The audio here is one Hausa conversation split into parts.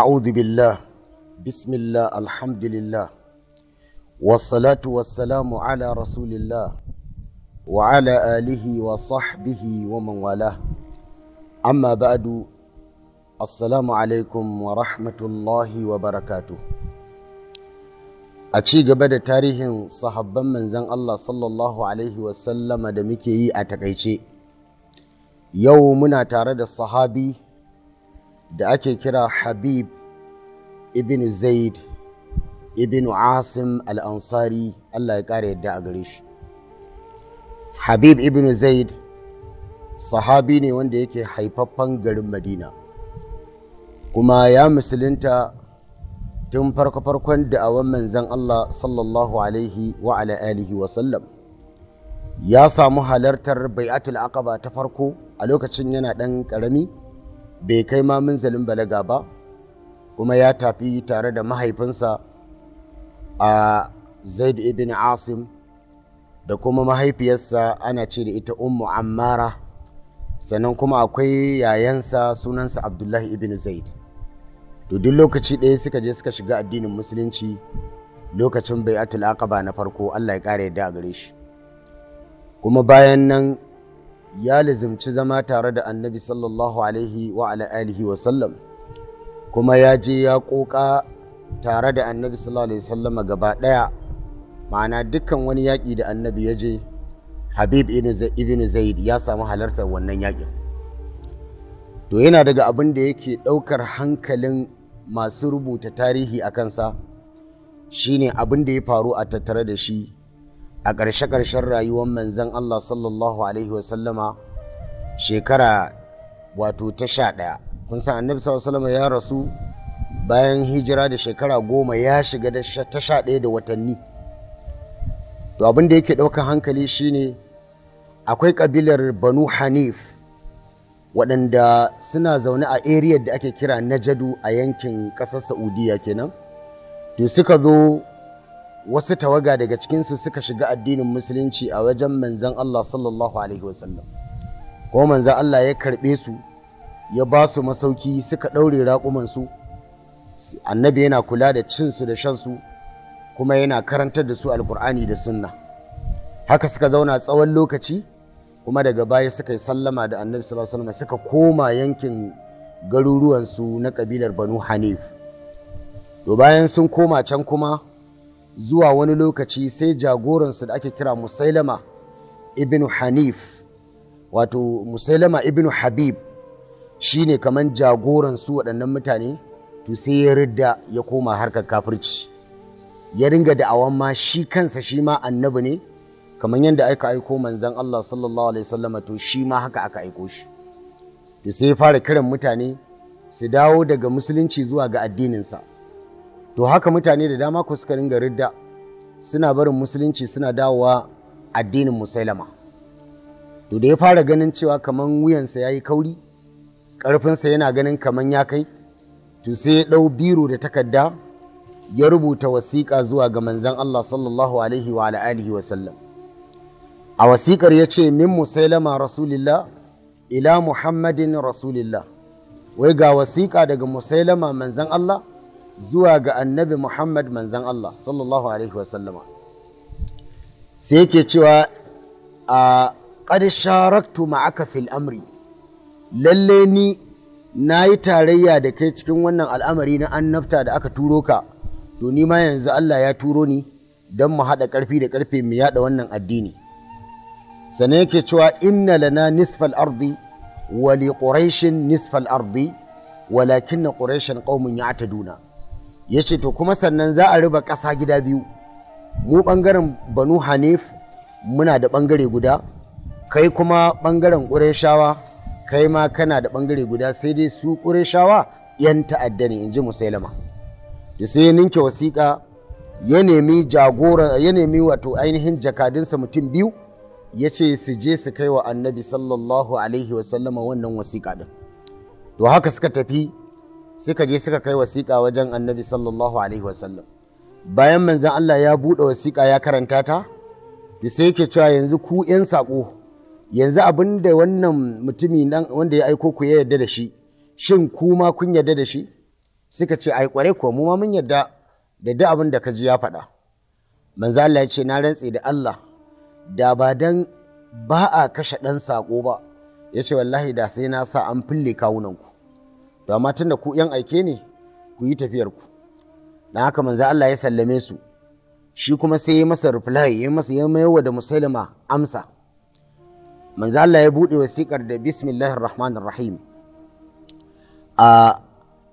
أعوذ بالله بسم الله الحمد لله والصلاة والسلام على رسول الله وعلى آله وصحبه ومن والاه أما بعد السلام عليكم ورحمة الله وبركاته a ci gaba da tarihin sahabban manzan Allah sallallahu Alaihi wasallama da muke yi a takaice yau muna tare da sahabi da ake kira habib ibn zaid ibn asim al-ansari allah ya ƙara yadda a gare shi habib ibn zaid sahabi ne wanda yake haifaffen garin madina kuma ya musulunta tun farko-farkon da'awan manzan allah sallallahu alaihi wa alihi wa sallam ya samu halartar bai'atul aqaba ta farko a lokacin yana ɗan ƙarami bai kai ma minzalin balaga ba kuma ya tafi tare da mahaifinsa a zaid ibn asim da kuma mahaifiyarsa ana ce da ita ummu ammara sannan kuma akwai yayansa sunansa abdullahi ibn zaid to duk lokaci ɗaya suka je suka shiga addinin musulunci lokacin bai aqaba na farko Allah ya ƙara yadda a gare shi kuma bayan nan ya lizimci zama tare da annabi sallallahu alaihi wa alihi wa sallam kuma ya je ya koka tare da annabi sallallahu alaihi wa sallama gaba daya ma'ana dukkan wani yaƙi da annabi ya je habib ibn zaid ya samu halartar wannan yaƙin to yana daga abin da yake ɗaukar hankalin masu rubuta tarihi a kansa shine abin da ya faru a tattare da shi a ƙarshe-ƙarshen rayuwar manzan Allah sallallahu Alaihi wasallama shekara wato ta sha ɗaya kun san annabi sallallahu ya rasu bayan hijira da shekara goma ya shiga ta sha ɗaya da watanni to abin da yake ɗaukar hankali shine akwai ƙabilar banu hanif waɗanda suna zaune a eriyar da ake kira najadu a yankin ƙasar saudiya kenan to suka zo wasu tawaga daga cikinsu suka shiga addinin musulunci a wajen manzan Allah sallallahu alaihi wasallam ko manzan Allah ya karɓe su ya ba su masauki suka ɗaure raƙumansu annabi yana kula da cinsu da shansu kuma yana karantar da su alkur'ani da sunna haka suka zauna tsawon lokaci kuma daga baya suka yi sallama da annabi sallallahu suka koma yankin garuruwansu na kabilar banu hanif to bayan sun koma can kuma zuwa wani lokaci sai jagoransu da ake kira musailama ibn hanif wato musailama ibn habib shi ne kamar jagoransu waɗannan mutane to sai ya ridda ya koma harkar kafirci ya ringa da'awan ma shi kansa shi ma annabi ne kamar yadda aka aiko manzan Allah sallallahu alaihi wasallama to shi ma haka aka aiko shi to sai ya fara kiran mutane su dawo daga musulunci zuwa ga addininsa to haka mutane da dama ku suka ringa suna barin musulunci suna dawowa addinin musailama to da ya fara ganin cewa kaman wuyansa ya yi kauri ƙarfinsa yana ganin kaman ya kai to sai ya ɗau biro da takarda ya rubuta wasiƙa zuwa ga manzan Allah sallallahu alaihi wa alihi wa sallam a wasiƙar ya ce min musailama rasulillah ila muhammadin rasulillah wai ga wasiƙa daga musailama manzan Allah zuwa ga annabi Muhammad manzan Allah sallallahu alaihi wasallama sai yake cewa a qad sharaktu ma'aka fil amri lalle ni na yi tarayya da kai cikin wannan al'amari na annabta da aka turo ka to ni ma yanzu Allah ya turo ni don mu haɗa ƙarfi da ƙarfe mu yaɗa wannan addini sannan yake cewa inna lana nisfal ardi wa li quraishin nisfal ardi ƙaumin ya qaumun ya'taduna ya ce to kuma sannan za a riba ƙasa gida biyu mu ɓangaren banu hanif muna da ɓangare guda kai kuma ɓangaren ƙureshawa kai ma kana da ɓangare guda sai dai su ƙureshawa 'yan ta'adda ne in ji musailama da sai ya ninke wasiƙa ya nemi jagora ya nemi wato ainihin jakadunsa mutum biyu ya ce su je su kai wa annabi sallallahu alaihi wasallama wannan wasiƙa ɗin to haka suka tafi suka je suka kai wasiƙa wajen annabi sallallahu alaihi wasallam bayan manzan Allah ya buɗe wasiƙa ya karanta ta to sai yake cewa yanzu ku 'yan saƙo yanzu abin da wannan mutumi wanda ya aiko ku ya yarda da shi shin ku ma kun yarda da shi suka ce ai kware ko mu ma mun yarda da duk abin da ka ji ya faɗa Manzala Allah ya ce na rantse da Allah da ba dan ba a kashe ɗan saƙo ba ya ce wallahi da sai na sa an fille kawunanku to amma tunda ku yan aike ne ku yi tafiyar ku na haka manzo Allah ya sallame su shi kuma sai ya masa reply ya masa ya maiwa da musulma amsa manzo Allah ya bude wasikar da bismillahir rahmanir rahim a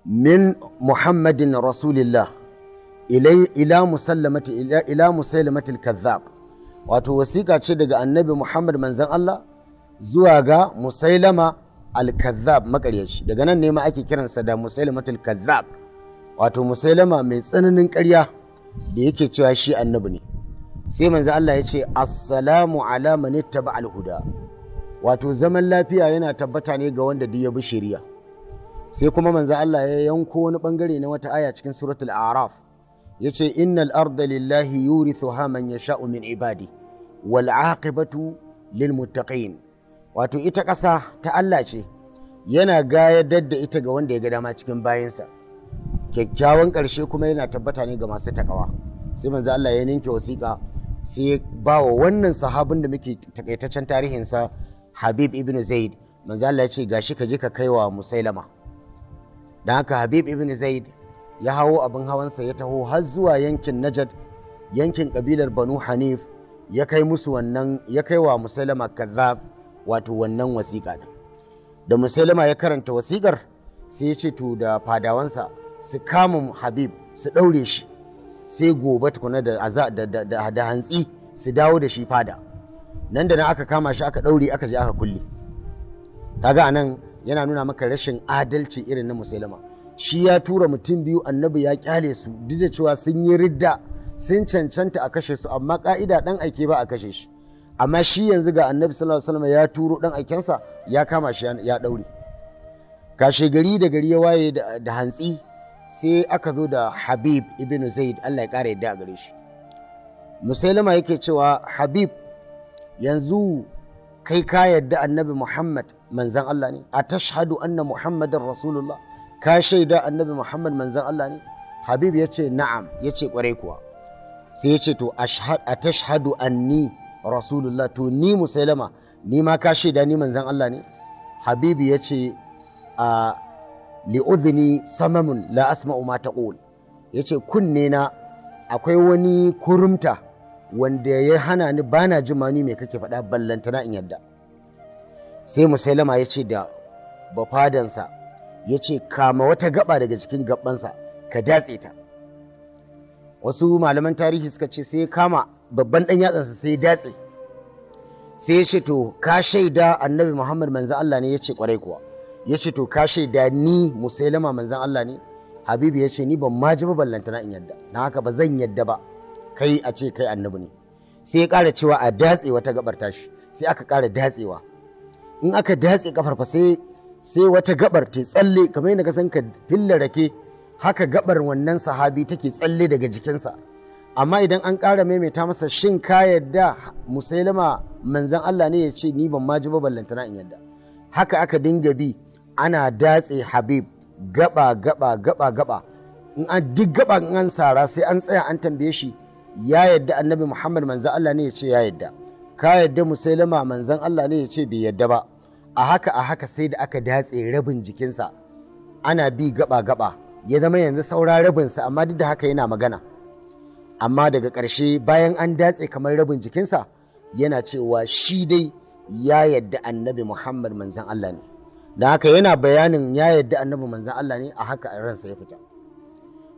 min muhammadin rasulillah ila musallamati ila musallamati kazzab wato wasiƙa ce daga annabi muhammad manzan Allah zuwa ga musailama al-kadhab makaryaci daga nan ne ma ake kiransa da musailamatul kazzab wato musailama mai tsananin ƙarya da yake cewa shi annabi ne sai manzo Allah ya ce assalamu ala man ittaba al-huda wato zaman lafiya yana tabbata ne ga wanda duk ya bi shari'a sai kuma manzo Allah ya yanko wani bangare na wata aya cikin suratul a'raf yace innal arda lillahi yurithuha man yasha'u min ibadi wal aqibatu lil muttaqin wato ita ƙasa ta Allah ce yana gayadar da ita ga wanda ya ga dama cikin bayansa kyakkyawan ƙarshe kuma yana tabbata ne ga masu takawa sai manzo Allah ya ninke wasiƙa sai ya ba wa wannan sahabin da muke takaitaccen tarihinsa Habib ibn Zaid manzo Allah ya ce gashi ka je ka kai wa Musailama dan haka Habib ibn Zaid ya hawo abin hawansa ya taho har zuwa yankin Najad yankin kabilar Banu Hanif ya kai musu wannan ya kai wa Musailama Kadhab wato wannan wasiƙa ɗin da musulma ya karanta wasiƙar sai ya ce to da fadawansa su kama habib su ɗaure shi sai gobe tukuna da hantsi su dawo da shi fada nan da nan aka kama shi aka ɗaure aka je aka kulle kaga anan yana nuna maka rashin adalci irin na musulma shi ya tura mutum biyu annabi ya kyale su duk da cewa sun yi ridda sun cancanta a kashe su amma ka'ida dan aike ba a kashe shi amma shi yanzu ga annabi sallallahu alaihi wasallam ya turo dan akensa ya kama shi ya daure kashe gari da gari ya waye da hantsi sai aka zo da habib ibn zaid allah ya kare yadda a gare shi musailama yake cewa habib yanzu kai ka yadda annabi muhammad manzan allah ne a tashhadu anna muhammadin rasulullah ka shaida annabi muhammad manzan allah ne habib ya ce na'am ya ce kwarai kuwa sai yace to a tashhadu anni rasulullah to ni musailama ni ma ka shaida ni manzan Allah ne habibi ya ce a li'udhini samamun la asma'u ma taqul ya ce kunne na akwai wani kurumta wanda ya hana ni bana jima ni mai kake faɗa ballantana in yadda sai musailama ya ce da bafadansa ya ce kama wata gaba daga cikin gabansa ka datse ta wasu malaman tarihi suka ce sai kama babban ɗan yatsansa sai datse sai ya ce to ka shaida annabi muhammad manzan Allah ne ya ce kwarai kuwa ya ce to ka shaida ni musailama manzan Allah ne habibu ya ce ni ban ma ji ballantana in yadda na haka ba zan yadda ba kai a ce kai annabi ne sai ya ƙara cewa a datse wata gabar tashi sai aka ƙara datsewa in aka datse kafar fa sai sai wata gabar ta tsalle kamar yadda ka san ka filla rake haka gabar wannan sahabi take tsalle daga jikinsa amma idan an ƙara maimaita masa shin ka yadda musailama manzan Allah ne ya ce ni ban ma ji ba ballantana in yadda haka aka dinga bi ana datse habib gaba gaba gaba gaba in an duk gaba in an sara sai an tsaya an tambaye shi ya yadda annabi muhammad manzan Allah ne ya ce ya yadda ka yadda musailama manzan Allah ne ya ce bai yadda ba a haka a haka sai da aka datse rabin jikinsa ana bi gaba gaba ya zama yanzu saura rabinsa amma duk da haka yana magana amma daga ƙarshe bayan an datse kamar rabin jikinsa yana cewa shi dai ya yadda annabi muhammad manzan allah ne da haka yana bayanin ya yadda annabi manzan allah ne a haka ransa ya fita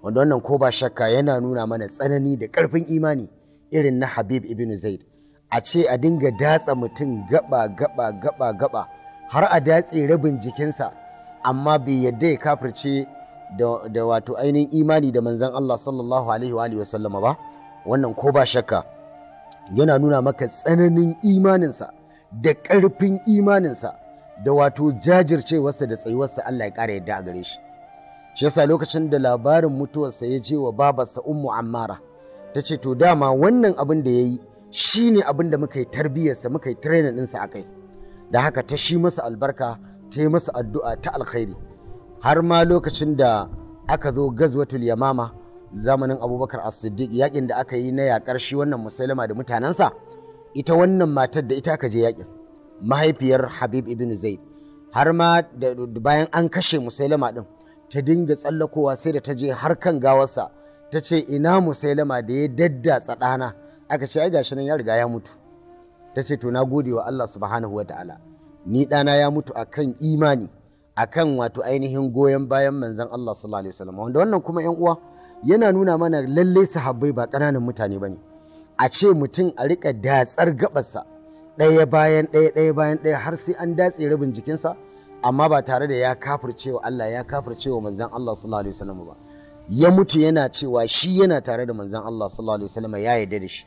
wanda wannan ko ba shakka yana nuna mana tsanani da ƙarfin imani irin na habib ibn zaid a ce a dinga datsa mutum gaba gaba gaba gaba har a datse rabin jikinsa amma bai yadda ya kafirce da wato ainihin imani da manzan Allah sallallahu alaihi wa sallama ba wannan ko ba shakka yana nuna maka tsananin imaninsa da ƙarfin imaninsa da wato jajircewarsa da tsayuwarsa Allah ya ƙara yadda a gare shi shi yasa lokacin da labarin mutuwarsa ya je wa babarsa ummu ammara ta ce to dama wannan abin da ya yi shi ne abin da muka yi tarbiyyarsa muka yi training ɗinsa a kai da haka ta shi masa albarka ta yi masa addu'a ta alkhairi har ma lokacin da aka zo gazwatul yamama zamanin abubakar as-siddiq yakin da aka yi na yakar shi wannan musulma da mutanensa ita wannan matar da ita aka je yakin mahaifiyar habib ibn zaid har ma da bayan an kashe musulma din ta dinga tsallakowa sai da ta je har kan gawarsa ta ce ina musulma da ya daddatsa tsadana aka ce ai gashi nan ya riga ya mutu ta ce to na gode wa Allah subhanahu wa ta'ala ni dana ya mutu akan imani akan wato ainihin goyon bayan manzon Allah sallallahu alaihi wasallam wanda wannan kuma yan uwa yana nuna mana lalle sahabbai ba ƙananan mutane bane a ce mutum a rika datsar gabarsa ɗaya bayan ɗaya ɗaya bayan ɗaya har sai an datse rabin jikinsa amma ba tare da ya kafircewa Allah ya kafircewa manzon Allah sallallahu alaihi wasallam ba ya mutu yana cewa shi yana tare da manzon Allah sallallahu alaihi wasallam ya yarda da shi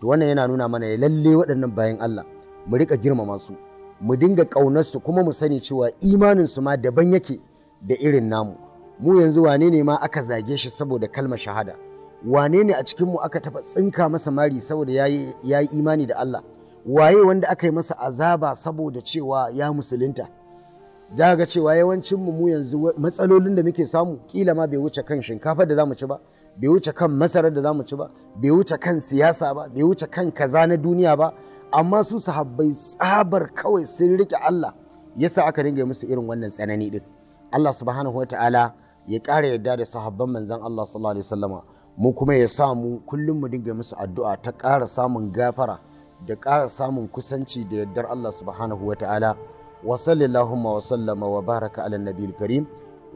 to wannan yana nuna mana lalle waɗannan bayan Allah mu rika girmama su mu dinga ƙaunarsu kuma mu sani cewa imaninsu ma daban yake da irin namu mu yanzu wane ne ma aka zage shi saboda kalma shahada wane ne a cikinmu aka taɓa tsinka masa mari saboda ya yi imani da Allah waye wanda aka yi masa azaba saboda cewa ya musulunta daga ga cewa yawancinmu mu yanzu matsalolin da muke samu kila ma bai wuce kan shinkafa da zamu ci ba bai wuce kan masarar da zamu ci ba bai wuce kan siyasa ba bai wuce kan kaza na duniya ba amma su sahabbai tsabar kawai sun rike Allah yasa aka ringa musu irin wannan tsanani din Allah subhanahu wataala ya ƙara yarda da sahabban manzon Allah sallallahu alaihi wasallama mu kuma ya sa mu kullum mu dinga musu addu'a ta ƙara samun gafara da ƙara samun kusanci da yardar Allah subhanahu wataala wa sallallahu wa sallama wa baraka ala nabiyil karim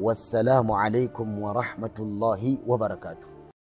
wassalamu alaikum wa rahmatullahi wa barakatuh